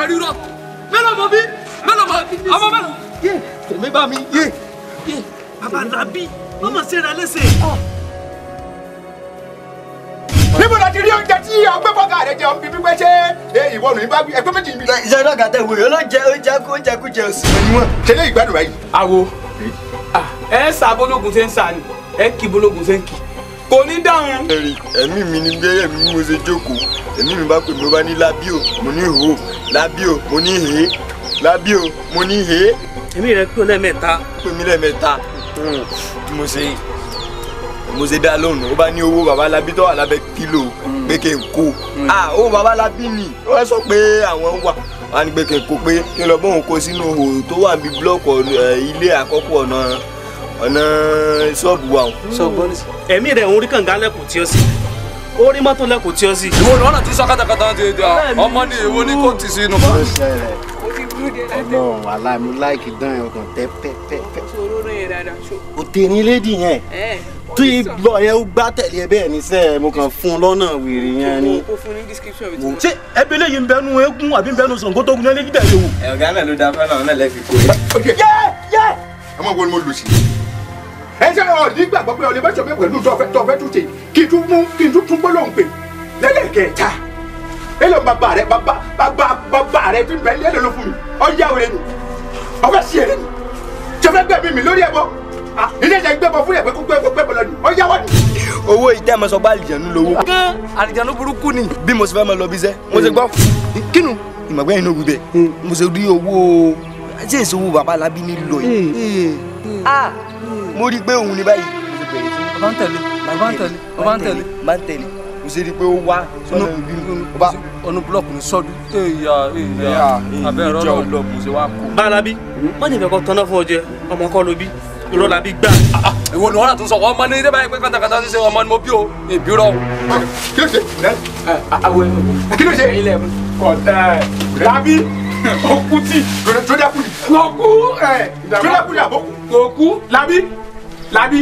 yàrá rírọ mélòó mọ bí mélòó mọ bí ọmọ mélòó. yé tèmi bá mi yé. yé bàbá làbí mọ́mọ́ sẹ́ra lẹ́sẹ̀. níbo la ti rí oúnjẹ tí ọgbẹ́bọ̀gà rẹ̀ jẹun bíbí pé ṣé ìwọ nù ìbá gbé ẹgbẹ́ méjì mi. ìṣe náà gàtẹ́ ìwòye ọlọ́jẹ oúnjẹ kó oúnjẹ kó jẹ òsì. ṣe lé ìgbádùn báyìí. àwo ẹ ń sa bọ́lógun ṣe ń sa ni ẹ kì bọ́lógun ṣe ń kì kò ní dáhùn. ẹ̀mí mi ni gbẹ́rẹ́ mi ni mo ṣe jókòó ẹ̀mí mi bá pè mí ó bá ní lábíò mo ní hò lábíò mo ní hé lábíò mo ní hé. ẹ̀mí rẹ̀ pé o lẹ́ẹ̀mẹ́ta. pé mi lẹ́ẹ̀mẹ́ta tí hmm, mo ṣe mo ṣe dá lóhùn ó bá ní owó babalábí tó wà lábẹ́ kílò pé kí n kó hmm. ah, owó babalábí ni wọ́n sọ pé àwọn wà wọ́n ní pé kí n kó pé kí n lọ bóun kó sínú òhò wà ní búlọ́ọ̀kì eh, ilé àkọ́kọ́ náà ọ̀nà ṣọ́ọ̀bù wa o. ṣọ́ọ̀bù ní ẹ̀mí rẹ̀ ń rí kànga lẹ́kùn tí ó sì ó rí mọ́tò lẹ́kùn tí ó sì. ìwọ ni wọn náà ti sọ kátàkátà ti di ọmọ ní ìwọ ni kò ti sí inú. Ọlọ́run aláìmú láìkì dán ẹ ọkàn tẹ pẹpẹpẹ. òtẹ̀ni lédi yẹn tó yìí lọ yẹn ó gbá tẹ̀lé ẹ bẹ́ẹ̀ ní sẹ́ mo kàn fún un lọ́nà wèrè yẹn ni. ṣé ẹbí eléyìí ń bẹnu eégún àbí ń bẹnu Ṣàngó tó gun lẹ́lẹ́dí bẹ̀rẹ̀ wò. ẹ̀ ọ̀gá náà ló da fẹ́ràn náà lẹ́ fi kó e ọmọ wo ni mo lò sí. ẹ ṣe ọ nígbàgbọ́ pé ọlẹ́ mọ́ṣọ́ mi pẹ̀lú tọ́fẹ́ tún ṣe kí n tún mú kí n tún tún gbólóhùn pè lẹ́lẹ́kẹ̀ẹ́ta ẹ lọ bàbá rẹ bàbá bàbá bàbá rẹ tí bẹ́ẹ̀ ni ẹ lọ lọ fún mi ọjà òre ni ọfẹ́ sí ẹrẹ ni tọ́fẹ́ gbẹ̀mí mi lórí ẹbọ ilé ìjà gbẹ̀bọ fún yẹ pé kó gbẹ̀bọ lọ ni ọjà wọ́n ni. owó ìtẹ́mọ̀sọ́gbà àlìjánu lówó. gan àlìjánu burúkú ni bí mo sì fẹ́ mọ lọ bí sẹ́ mo ti hmm. gbọ́ kínú ìmọ̀gbẹ́yìn ló wí bẹ́ẹ̀ hmm. mo sì rí owó ṣé èso wo bàbá alábí ní lọ yìí eh. Eh. ah mo rí i pé òun ni báyìí mo ti bẹ̀rẹ̀ sí. bàbá ń tẹ̀lé bàbá ń tẹ̀lé bàbá ń tẹ̀lé bàbá ń tẹ̀lé mo ṣe rí pé ó wá sọ́nà ìbí mi ọ̀nà búlọ̀kù ni sọ́dún. ẹ̀yà eh, ẹ̀yà abẹ́rẹ́ ọ̀rọ̀ lọ ṣe wá kó. balabi má jẹ́ fẹ́ kọ́ tán náà fún ọ ọmọ kọ́ ló bí irọ́ gbà. ìwọ ah, ah, ni wọn náà tún ọmọ ní ilé báyìí pé kátàkátà ṣíṣe ọmọ ni mo bí o èbí rọ. Ah, kí ló ṣe kí ló ṣe ilẹ̀ ọ̀tẹ̀ labi òkú tí jọdẹkùlì òkú jọdẹkùlì àbókù òkú labi labi.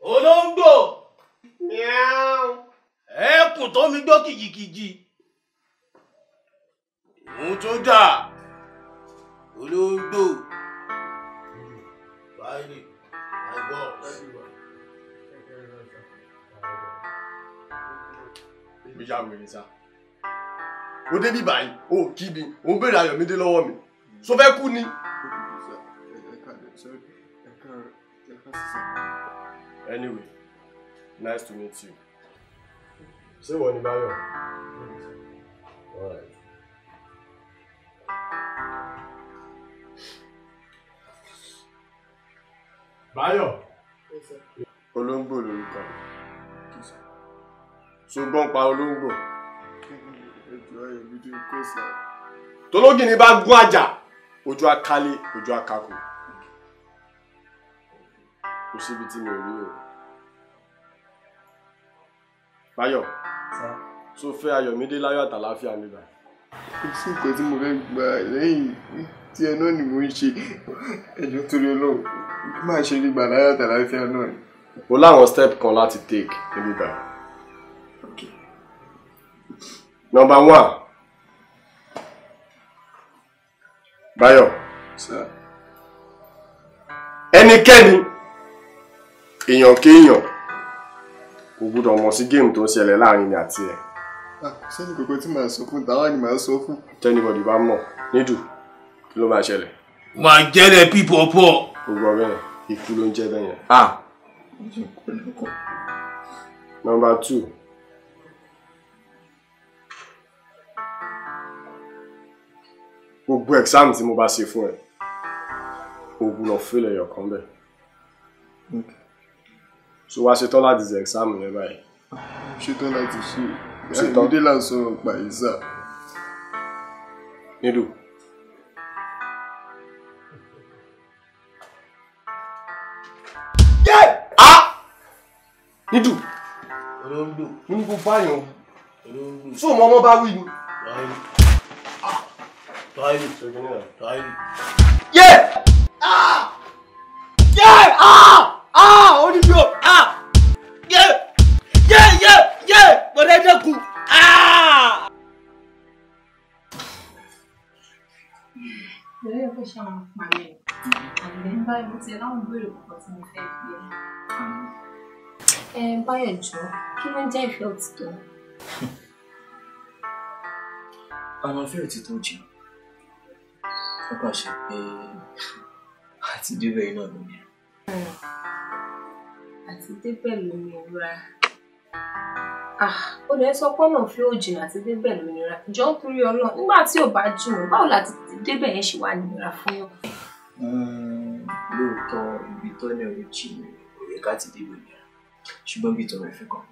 olóńgbò ẹkùn tó mi gbọ́ kìjìkìjì òun tó dà olóńgbò báyìí àìbọ̀ mi ya wèrè sa o débi báyìí o kí mi o ń béèrè Ayọ̀mídé lọ́wọ́ mi so fẹ́ kú ni anyway nice to meet you. ṣé wọ́n All right. Bayo. báyọ̀. olóńgbò lórúkọ ṣùgbọ́n pa olóńgbò tológì ni bá gún àjà ojú akálé ojú akáko kò síbi tí mi ò rí o. Báyọ̀ tó fẹ́ Ayọ̀mídé láyọ̀ àtàláfíà nígbà. Kò sí nǹkan tí mo fẹ́ gbà lẹ́yìn tí ẹ náà ni mo ń ṣe ẹjọ́ torí Ọlọ́run bí máa ṣe rí gbà láyọ̀ àtàláfíà náà ni. Mo láwọn step kan láti take níbí gbà. Number one. Báyọ̀. Sir. ẹnikẹ́ni èèyàn kéèyàn kò gbúdọ̀ mọ̀ sí géèmù tó ń ṣẹlẹ̀ láàrin mi àti ẹ̀. sẹ́ni ah, kòkó tí màá sọ fún tàwa ni màá sọ fún. tẹ́nibọ̀dì bá mọ̀ nídùú kí ló máa ṣẹlẹ̀. màá jẹ́rẹ̀ pípọ̀ pọ̀. gbogbo ọbẹ̀ yẹn ikú ló ń jẹ́ bẹ́ẹ̀ yẹn. Ah. nọmba two. gbogbo exam tí mo bá ṣe fún ẹ o gbúdọ̀ fẹ́lẹ̀ yọ̀kan bẹ́ẹ̀ so wá ṣetán láti ṣe exam yẹn báyìí. ṣetán láti ṣe ṣetán ìdílé là ń sọ̀rọ̀ pa ìzà. nílù. nídù nínú kó báyọ̀ tó mọ ọmọ bá wí ni. Tailu. Tailu. Tailu. ṣe máa parẹ́ and then báyọ̀ mo ti ẹ̀ láwọn béèrè púpọ̀ tí mo fẹ́ bí ẹ. ẹ báyọ̀ jọ kí ló ń jẹ́ ìfẹ́ òtítọ́? àwọn ìfẹ́ òtítọ́ jẹ́ ó kàn ṣe pé àti débẹ̀ iná lómi. àti débẹ̀ Ah, ó dẹ̀ sọ pé ọ̀nà fi ó jìnnà àti débẹ̀ ló nira jọ ń torí ọlọ́run nígbà tí ò bá jìnnà báwo la ti débẹ̀ yẹn ṣe wà nira fún yàn. Hmm, lóòótọ́ ibi tó ní ọ̀rẹ́ jìnnà ọ̀rẹ́ ká ti débẹ̀ nira ṣùgbọ́n bí tọrọ ìfẹ́ kan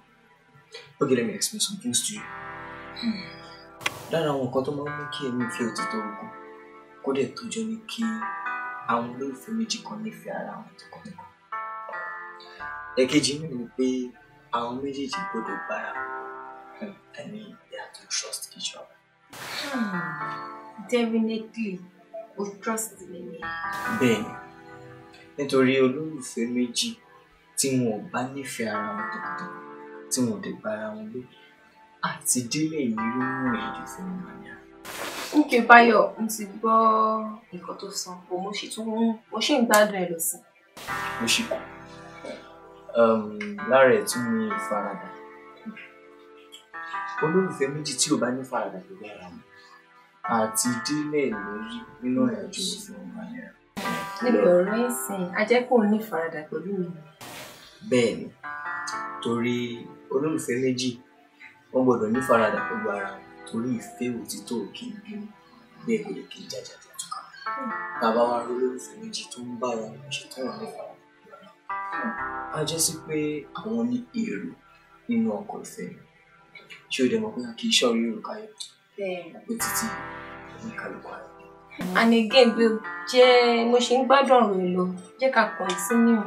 Okay, let me explain some things to you. Hmm, lára àwọn nǹkan tó máa ń mú kí ẹ̀mí ìfẹ́ òtítọ́ ogun kó dẹ̀ tọ́jọ́ ní kí àwọn olólùfẹ́ méjì kan nífẹ̀ẹ́ ara wọn tó kọ́ ẹ̀kejì nínú pé àwọn méjèèjì gbọ́dọ̀ bára wọn i mean they have to trust each other. Hmm, definitely o trust me. bẹ́ẹ̀ni nítorí olólùfẹ́ méjì tí wọn ò bá nífẹ̀ẹ́ ara wọn tọkàntọkàn tí wọn ò dé bára wọn lò àti délé yìí ló mú ìrìnàjò fún mi ní ara. Nké Báyọ̀ n ti gbọ́ nǹkan tó sọ, mo ṣì tún mo ṣì ń gbádùn ẹ̀ lọ sí. Mo ṣì kọ́. Um, lára ẹ̀ tún ní ìfaradà olólùfẹ́ méjì tí ò bá ní faradà tó dára mọ́ àti délé lórí nínú ìrìnàjò ìfẹ́ ọmọ yẹn. níbi ọ̀rọ̀ ẹ̀sìn ajẹ́kùn ní faradà pẹ̀lú mi. bẹ́ẹ̀ ni torí olólùfẹ́ méjì wọ́n gbọ́dọ̀ ní faradà pẹ̀lú ara wọn torí ìfẹ́ òtítọ́ òkè bẹ́ẹ̀ kò lè kí jájà tó tó kàn. tá a bá wá rí olólùfẹ́ méjì tó ń bá ara ṣe tó wà ní faradà a jẹ́ sí pé àwọn ní èrò nínú ọkọ̀ ìfẹ́ ṣé o dẹ̀ mọ̀ pé a kì í ṣọ́rí èrò káyọ̀ pé títí ní kálukú ayọ̀. and again bí o jẹ́ mo ṣe ń gbádùn ọ̀rọ̀ èlò jẹ́ ká continue.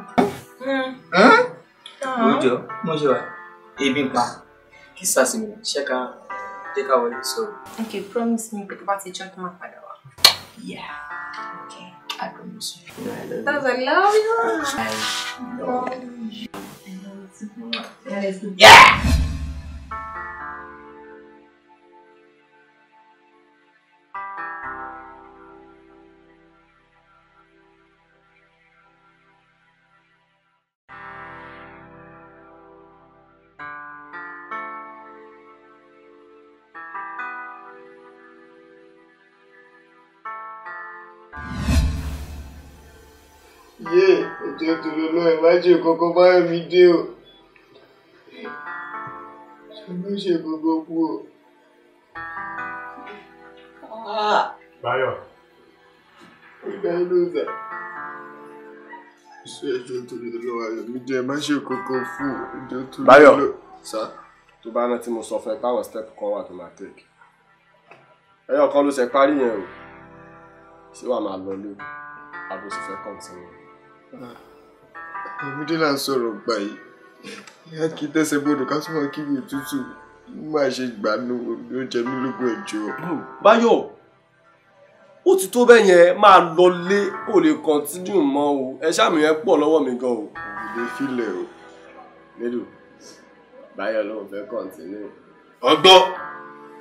ó jọ mo ṣe wà ebi pa kí sàṣìmì ṣe ká jẹ́ ká wọlé sọ̀rọ̀. okay promise me pé tó bá ti jẹ́ kí n máa padà wá. yeah. I promise you. Because I love I love you. Yeah! ye, ẹjọ́ tòló náà ẹ má ṣe kókó báyọ̀ mi dé o ṣe ló ṣe kókó kú o. báyọ̀. ìgbà ló dà ṣe ẹjọ́ tòló náà ayọ̀ mi dé ẹ má ṣe kókó fún ẹjọ́ tòló náà. báyọ̀ tó bá rántí mo sọ fún ẹ páwọn step kan wà tó máa tẹ̀kì ẹyọ kan ló ṣe parí yẹn o ṣé wàá máa lọ lé àbòsí fẹ́ kàn sí wọn èmi dé là ń sọ̀rọ̀ gbà yìí ìyá kì í tẹ̀sẹ̀ bọ́dọ̀ ká tún máa kí mi tútù má ṣe gbà ní oúnjẹ mi lógún ẹ̀jọ́. báyọ̀ ó ti tó bẹ́ẹ̀ yẹn máa lọ lé ò lè kọ́ntínú mọ́ o ẹ ṣàmì yẹn pọ̀ lọ́wọ́ mi gan o. ìlú filẹ̀ o nílùú báyọ̀ ló ń fẹ́ kọ́ntínú. ọgbọ́n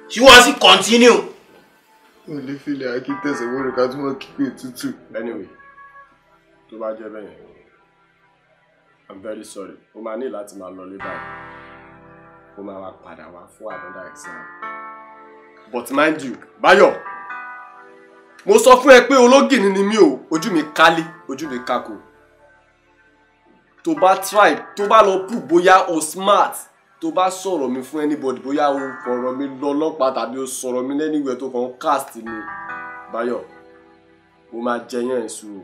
tí wọ́n sì kọ́ntínú. ò filẹ̀ akí tẹ̀sán wọ́n ká tún mọ́ kíkó ètùtù. anyway tó bá jẹ́ bẹ́ẹ̀ yẹn i'm very sorry o máa ní láti máa lọ lé báyìí o máa wá padà wá fún another exam but mind you Báyọ̀ mo sọ fún ẹ pé ológìní ni mí o ojú mi kálí ojú mi kakò tó bá try tó bá lọ pù bóyá o smart tó bá sọ̀rọ̀ mi fún anybody bóyá o fọ̀rọ̀ mi lọ ọlọ́pàá tàbí o sọ̀rọ̀ mi lẹ́nìwẹ̀ tó kàn cast ni Báyọ̀ mo máa jẹ yẹn ìṣòro.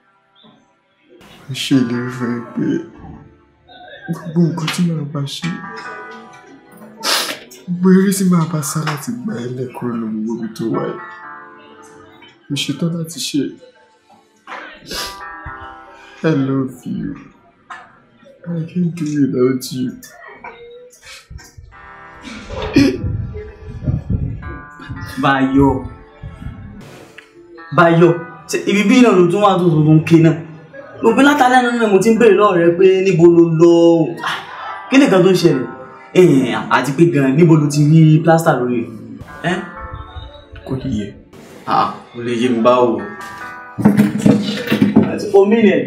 mo ṣe ìlérí fún ẹ pé gbogbo nǹkan tí màá bá ṣe gbogbo eré tí màá bá sá láti gba ẹ lẹ́kọ̀ọ́ ní gbogbo ibi tó wáyé mo ṣetán láti ṣe I love you I can't do without you. Báyọ̀ Báyọ̀ ibi bí náà ló tún wà tó tuntun ké náà òbí látàlẹ́ nínú ẹ̀ mo ti ń béèrè lọ́wọ́ rẹ pé níbo lo lọ ah, kí ni kan tó ń ṣẹlẹ̀ àti pé gan níbo lo ti rí plaster lórí ẹ. kò kì í yẹ. Ah, kò lè yé mi báwo. omi rẹ̀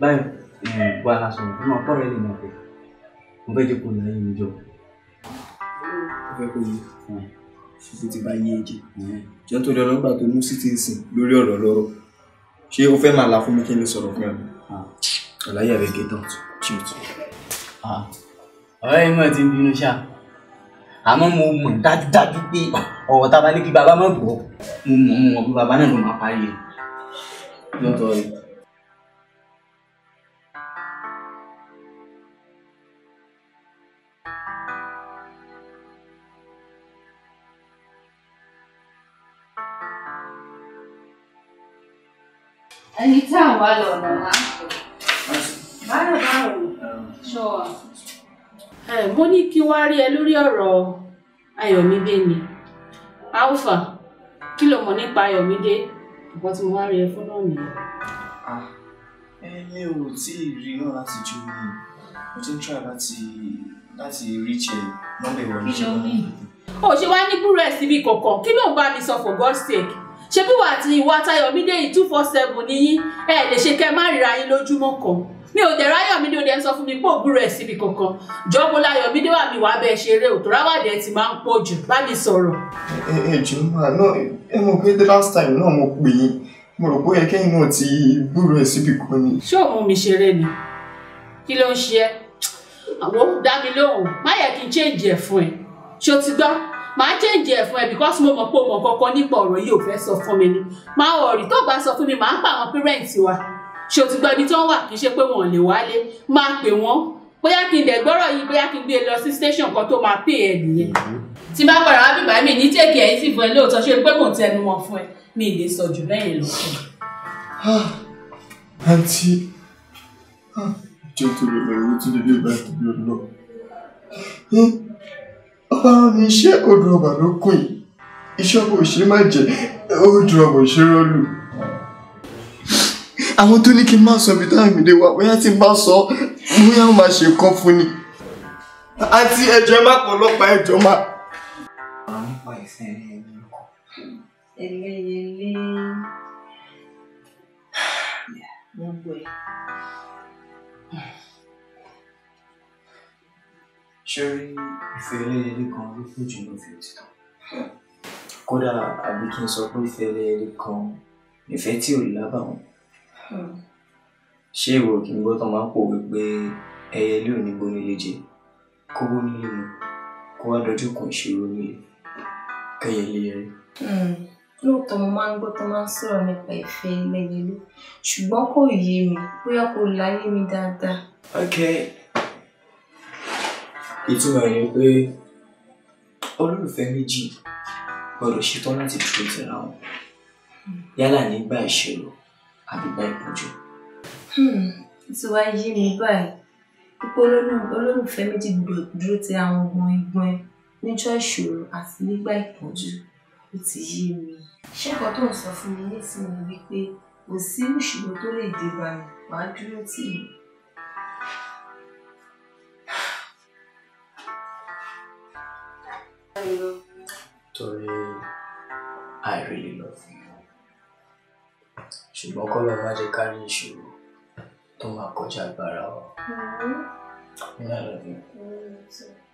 báyìí wà á sọ̀rọ̀ fún ọkọ rẹ̀ lè mọ̀ pé mo fẹ́ jẹ́ kó lè lẹ́yìn ìjọ. ó fẹ́ kó yé títí bá yé e jẹ jẹ́ nítorí ọlọ́gbà tó mú sí ti ń sìn lórí ọ̀rọ̀ lọ́rọ̀ ṣé o fẹ́ máa la fún mi kí n lè sọ̀rọ̀ fún ẹ. ọ̀làyé ah. rẹ̀ gé tán tí o tù. ọ̀rẹ́ mi mọ̀ ti ń bínú ṣá àmọ́ mo mọ̀ dájúdájú pé ọ̀rọ̀ tá a bá ní kí bàbá má gbọ́ mo mọ̀ mọ̀ pé bàbá náà ló máa parí rẹ̀ lọ́tọ̀ ẹni tá à ń wá lọ ọ̀nà wa. báwo báwo ṣọ wa. mo ní kí ni alpha kí ló mọ̀ nípa Ayọ̀mídé nǹkan tí mo wá rí ẹ fún náà nìyẹn. Ah, ẹni ò tí ì rí náà mi mo ti try láti láti reach ẹ nọ́mbà ìwọlé ṣe wọn. o ṣe wá ní búrẹ́ẹ̀ síbi kọ̀ọ̀kan kí ló ń mi sọ for God's sake ṣebí wà àti ìwà Táyọ̀mídé yìí two four seven nìyí ẹ lè ṣe kẹ́ má ríra yín lójúmọ́ kan mi ò dẹ̀ ráyọ̀mídé ò dẹ̀ ń sọ fún mi pé òbúrò ẹ̀ síbi kankan jọ́bó láyọ̀mídé wà mí wàá bẹ́ẹ̀ ṣeré òtò ráwàdẹ̀ ti máa ń pọ̀ jù bá mi sọ̀rọ̀. ẹ ẹ jù máa náà ẹ mọ̀ pé the last time náà mo pè yín mo rò pé ẹkẹyìn náà ti gbúrò ẹ síbi kan ni. ṣé òun mi ṣeré ni kí ló ń ṣe ẹ àwọn dá mi lóhùn má yẹ kí n change ẹ fún ẹ ṣó ti gbọ́ màá change fún ẹ because mo mọ̀ pé o mọ̀ nípa ọ̀rọ̀ yìí ò fẹ́ sọ fún mi ni máa ọ̀rì tó bá sọ fún mi màá pa àwọn parents wa ṣé o ti gbọ́ ibi tí wọ́n wà kì í ṣe pé wọ́n lè wálé máa pè wọ́n bóyá kí n dẹ̀ gbọ́rọ̀ yìí bóyá kí n gbé e lọ sí station kan tó máa pè ẹ nìyẹn tí bá padà wá bíbá mi ní tèkì ẹ̀yìn sì fún ẹ lóòótọ́ ṣe pé mò ń tẹnu mọ́ fún ẹ mi ì lè sọ jù bẹ́yẹn lọ fún ẹ. àǹtí jẹ́ tó lè lọ ìwé tó lè lè bá ìtòlú ọ̀nà ọ̀run ni iṣẹ́ odò ọba ló kù yìí ìṣọ́bù òṣèré má jẹ odò ọba òṣèré ọlù. àwọn tó ní kí n má sọ ibi táwọn ìmìlẹ̀ wa bóyá tí n bá sọ bóyá wọn máa ṣe nǹkan fún ni. àti ẹ̀jẹ̀ má pọ̀ ọlọ́pàá ẹ̀jọ̀ má. ẹlẹ́yẹlé wọ́n gbọ́ ṣẹ́rí ìfẹ́ ẹlẹ́yẹlé kan ló pọ̀ jù nífẹ̀ẹ́ òtítọ́ kódà àbí kí n sọ pé ìfẹ́ ẹlẹ́yẹlé kan ìfẹ́ tí ò lábàwọ́n hmm. ṣé ìwọ kí n gbọ́ tán máa ń pò wípé ẹyẹ ilé ò ní gbóni lè kó gbóni lè kó wá dojú kan ìṣòro nílé kẹyẹ lè rí. Hmm. lóòótọ́ mo máa ń gbọ́ tán máa ń sọ̀rọ̀ nípa ìfẹ́ ẹlẹ́yẹlé ṣùgbọ́n kò yé mi bóyá kò láyé mi dáadáa. okay ìtumọ̀ ẹ̀ ni pé olólùfẹ́ méjì gbọ́dọ̀ ṣetán láti dúró tẹ̀ra wọn yálà nígbà ìṣòro àbí gbà tí wàá yí mi báyìí pípọ́ olólùfẹ́ méjì dúró ti àwọn ọgbọ́n igbọ́n níjọ́ ìṣòro àti nígbà ìpọ́njú ó ti yé mi. ṣé tó ń sọ fún mi nísìnyí wípé kò sí ìṣòro tó lè dé bá wàá dúró tì mí. I love Torí I really love you. Ṣùgbọ́n kọ́ lọ má jẹ́ ká rí ìṣòro tó máa kọjá agbára wa. Mm-hmm. I love you. Mm-hmm.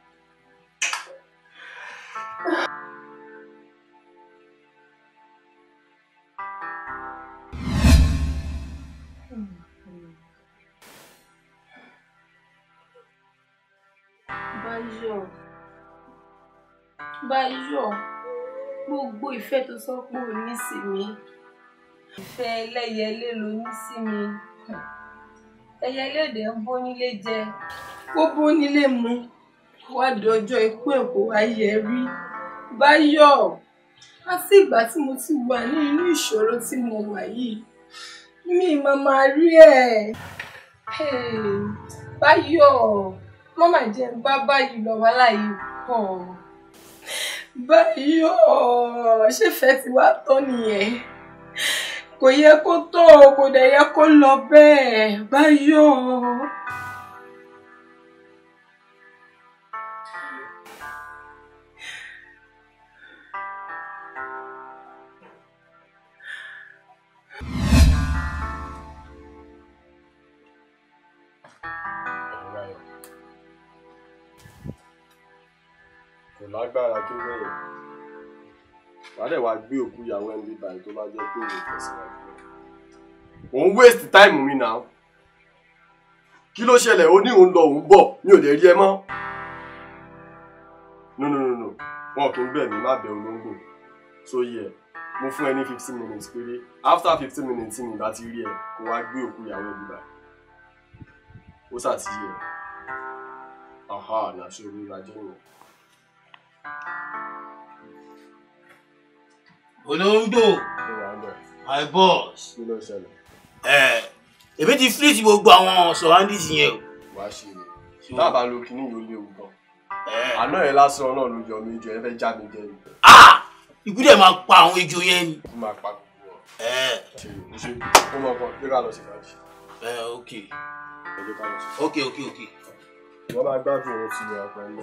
bá yọ gbogbo ìfẹ́ tó sọ pé o ní sí mi ìfẹ́ ẹlẹ́yẹlé ló ní sí mi ẹyẹlé òde ń bó nílé jẹ ó bó nílé mu wá di ọjọ́ ikú ẹ̀ kó wá yẹ rí bá yọ láti ìgbà tí mo ti wà ní inú ìṣòro tí mo wà yìí mi máa máa rí ẹ báyọ̀ mọ́mà jẹ́ ń bá báyìí lọ́wọ́ láyé pọ̀ báyìí yóò ṣèfẹ́ tí wàá tọ́ nìyẹn kò yẹ kó tó o kò dẹ̀ yẹ kó lọ bẹ́ẹ̀ báyìí lágbára tó bẹ̀rẹ̀ wàá dẹ̀ gbé òkú ìyàwó ẹni bíbá yìí tó bá jẹ́ pé òun tẹ̀síwájú rẹ̀ òun waste time mi náà kí ló ṣẹlẹ̀ ó ní òun lọ òun bọ̀ mi ò lè rí ẹ mọ́ no no no no wọn kì í bẹ̀ mí má bẹ olóńgbò so yẹ mo fún ẹ ní fifteen minutes péré after fifteen minutes mi bá ti rí ẹ kó wá gbé òkú ìyàwó ẹni bíbá ó ṣàtìyẹ aha nàṣọ orí ìrajọ nìyẹn olóńgbò my boss èmi ti fleet gbogbo àwọn surroundings yẹn o. wàá ṣe é dábàá lo kíní yìí léwu gan àná ẹ lásán náà ló yọ mí ẹ fẹ́ já mi jẹ ni. Ah! ikú dẹ̀ máa pa àwọn ejò yẹn ni. ó máa pa gbogbo ọ. ṣe o ṣe ó mọ ọkọ kí ká lọ sí káàdì. ẹ ok ok ok ok. wọ́n máa gbádùn ohun tí mo yà pẹ̀lú.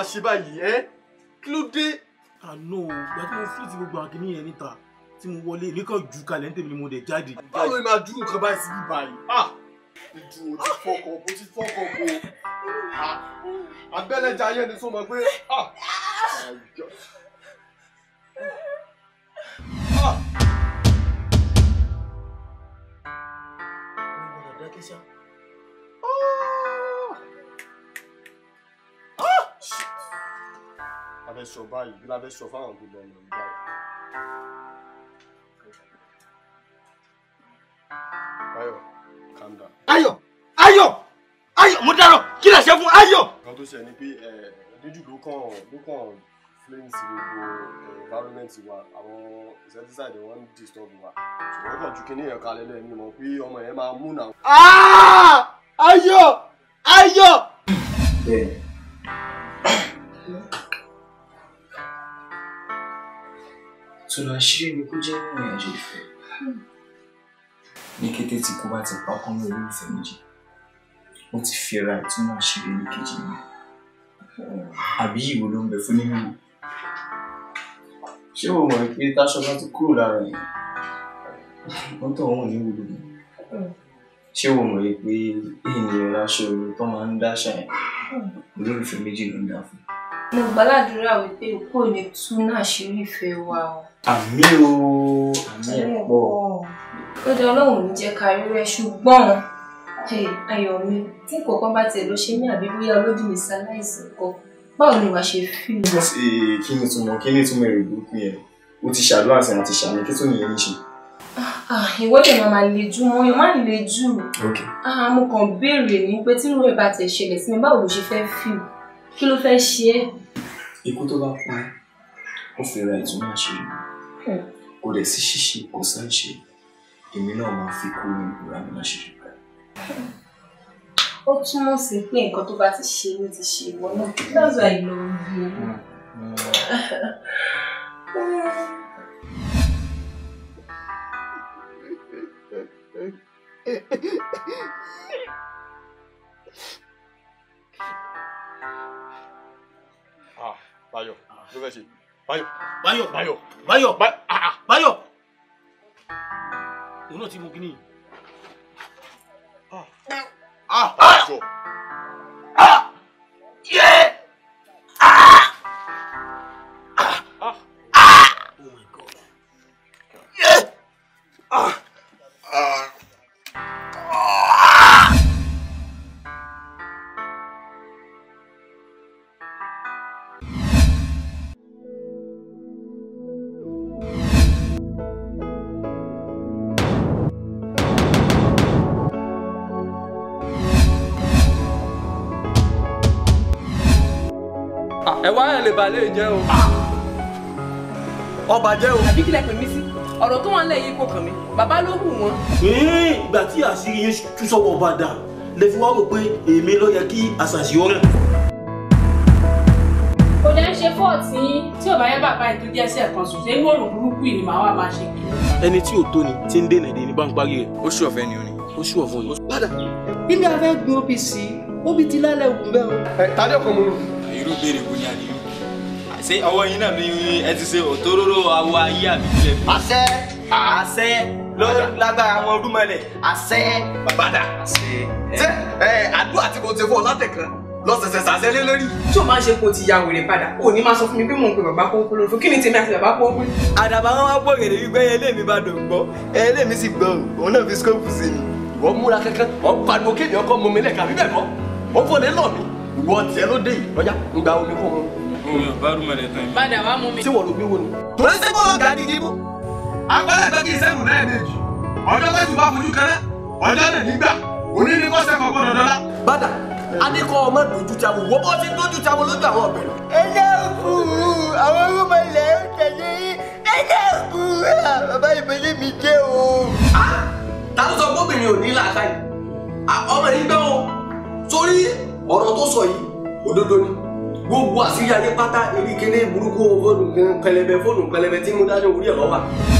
máa ṣe báyìí ẹ kí ló dé. àná o ìgbà tí mo fi ti gbogbo àgínní yẹn níta tí mo wọlé èmi kan jù kalẹ̀ ní tèmi ni mo dẹ̀ jáde. báwo ni màá dúró nǹkan báyìí síbí báyìí. ìdùn ò ti fọkàn bó ti fọkàn bó abẹ́lẹ́jà ayé ni sọ ma pé. fẹ́ sọ báyìí kí la fẹ́ sọ fáwọn gbogbo ọmọ ìgbà yìí. Ayọ̀ calm down. Ayọ̀ Ayọ̀ Ayọ̀ mo dárọ̀ kí lè ṣe fún Ayọ̀. Kan tó ṣe ni pé dídùn ló kàn ló kàn flames gbogbo environment wa àwọn insecticide wọn disturb wa ṣùgbọ́n kàn ju kíní yẹn kalẹ̀ lẹ́yìn mọ̀ pé ọmọ yẹn máa mú náà. Ah! Ayọ̀ Ayọ̀. Bẹ́ẹ̀ni. sọ̀rọ̀ àṣírí mi kó jẹ́ ìrìn àjò ìfẹ́. Hmm. ní kété tí kú bá ti pa ọkàn mi olólùfẹ́ méjì mo ti fi ra ìtumọ̀ àṣírí ní kejì mi àbí ìwò ló ń bẹ fún nínú mi. ṣé o mọ̀ pé táṣọ bá ti kúrò lára yìí wọ́n tó wọ́n ní wúlò mi. Hmm. ṣé o mọ̀ pé ènìyàn aṣọ tó máa ń dáṣà yẹn hmm. olólùfẹ́ méjì ló ń dá fún. mo gbàládùra wípé òkú ní tú náà ṣírí ìfẹ́ wa o àmì o àmì ẹ̀ pọ̀. ó jẹ́ ọlọ́run ní jẹ́ kárí rẹ ṣùgbọ́n ayọ̀ mi tí kọ̀ọ̀kan bá tiẹ̀ ló ṣe ní àbí bóyá olódì mi ṣaláìsàn kan báwo ni wàá ṣe fi mí. kí ni túmọ̀ kí ni túmọ̀ èrò burúkú yẹn o ti ṣàdúrà sí àti ṣàmì kí tó nìyẹn ń ṣe. Ah, ah, ìwọ dẹ̀ máa máa le jù mọ́ má le jù. Ah, mo kàn béèrè ní pé tí irú ẹ̀ bá tẹ̀ ṣẹlẹ̀ sí mi báwo ló ṣe fẹ́ fi kí ló fẹ́ ṣe é. ikú tó bá pa ó fẹ́ ra ìtumọ̀ àṣírí kò dẹ̀ sí ṣíṣe ọ̀sán ṣe èmi náà máa fi kó ìrora mi náà ṣe rẹ̀. ó túmọ̀ sí pé nǹkan tó bá ti ṣe ló ti ṣe ìwọ náà that's why you love me. Ah, Bayo, ló fẹ́ ṣe. Báyọ̀. Báyọ̀. Báyọ̀. Báyọ̀. Báyọ̀. Ah, ah. Òun náà ti mú kí ni. Ah. Ah. Ah. ẹ̀wá ẹ̀ lè balẹ̀ jẹ́ o. Ah! ọba jẹ́ o. àbí kílẹ̀ pè mí sí ọ̀rọ̀ tó wọn lẹ̀ yìí kò kàn mí bàbá ló hù wọn. ìgbà tí àṣírí yín tú sọ́wọ́ ọba dà lè fi wá rò pé èmi ló yẹ kí àṣàṣì ó o kò dẹ́ ń ṣe fọ́ọ̀tì yín tí ò bá yẹ bàbá ìdúdí ẹsẹ̀ kan sùn ṣé mòrò burúkú yìí ni màá wà máa ṣe kí. ẹni tí ò tó ni ti ń dènà ìdè ní bá ń parí rẹ̀. ó ṣù ọ̀fẹ́ ni o ni. ó ṣù ọ̀fun ni. padà ilé afẹ́ gbin obì sí obì ti lálẹ́ òkú bẹ́ẹ̀ o. ẹ tàdé ọkọ mo irú béèrè wo ni àdìyú ṣé ọwọ́ yín náà ni ẹ ti ṣe òtóróró awọ ayé àbí ilẹ̀ àṣẹ àṣẹ ló lágbára àwọn olúmọlẹ̀ àṣẹ. bàbáda ṣe àdúrà tí mo ti fún látẹ̀kan lọ́sẹ̀sẹ̀ sàṣẹ́lé lórí. tí o máa ṣe kó ti ya wèrè padà o ní máa sọ fún mi pé mò ń pe bàbá kókó lórí fún kí ni tèmi àti bàbá kókó. àdàbà wọn wá pọ̀ gèrè wípé eléèmí bá dùn gbọ́ eléèmí sì gbọ́ òun náà fi skóòpù sí ni. wọ́n múra kankan wọ́n pariwo kéèyàn kọ́ mọ́mílẹ̀ kàbí bẹ́ẹ̀ kọ́ ó fọlẹ́ lọ́ọ̀mí ìwọ tiẹ̀ ló dé yìí lọ́jà ń gba omi fún un. òun yóò bá rúmọ̀ rẹ̀ tán yìí. padà wá mú mi. tí wọ́n ló gbé wo ni. torí sí kó ọ̀gá di ìdìbò. àgbẹ̀lẹ̀gbẹ̀ kì í sẹ́nu lẹ́ẹ̀mejì ọjọ́ tẹ̀sùn bá fojú kẹrẹ́ ọjọ́ lè nígbà òní ní kọ́sẹ̀ kọ̀ọ̀kan dọ̀dọ̀lá. bàdà adékọ ọmọ dojú ti àwọn wọ́pọ̀ ti dojú ti àwọn lójú àwọn ọ̀bẹ lọ. ẹ jẹ́ òkú àwọn ọmọ ilẹ̀ ń tẹ̀lé ẹ jẹ́ òkú bàbá ìbẹ̀lẹ̀ mi ọ̀rọ̀ tó sọ yìí òdodo ni gbogbo àṣírí ayé pátá erékeré burúkú fóònù pẹlẹbẹ fóònù pẹlẹbẹ tí mo dájọ orí ẹ̀ lọ́wọ́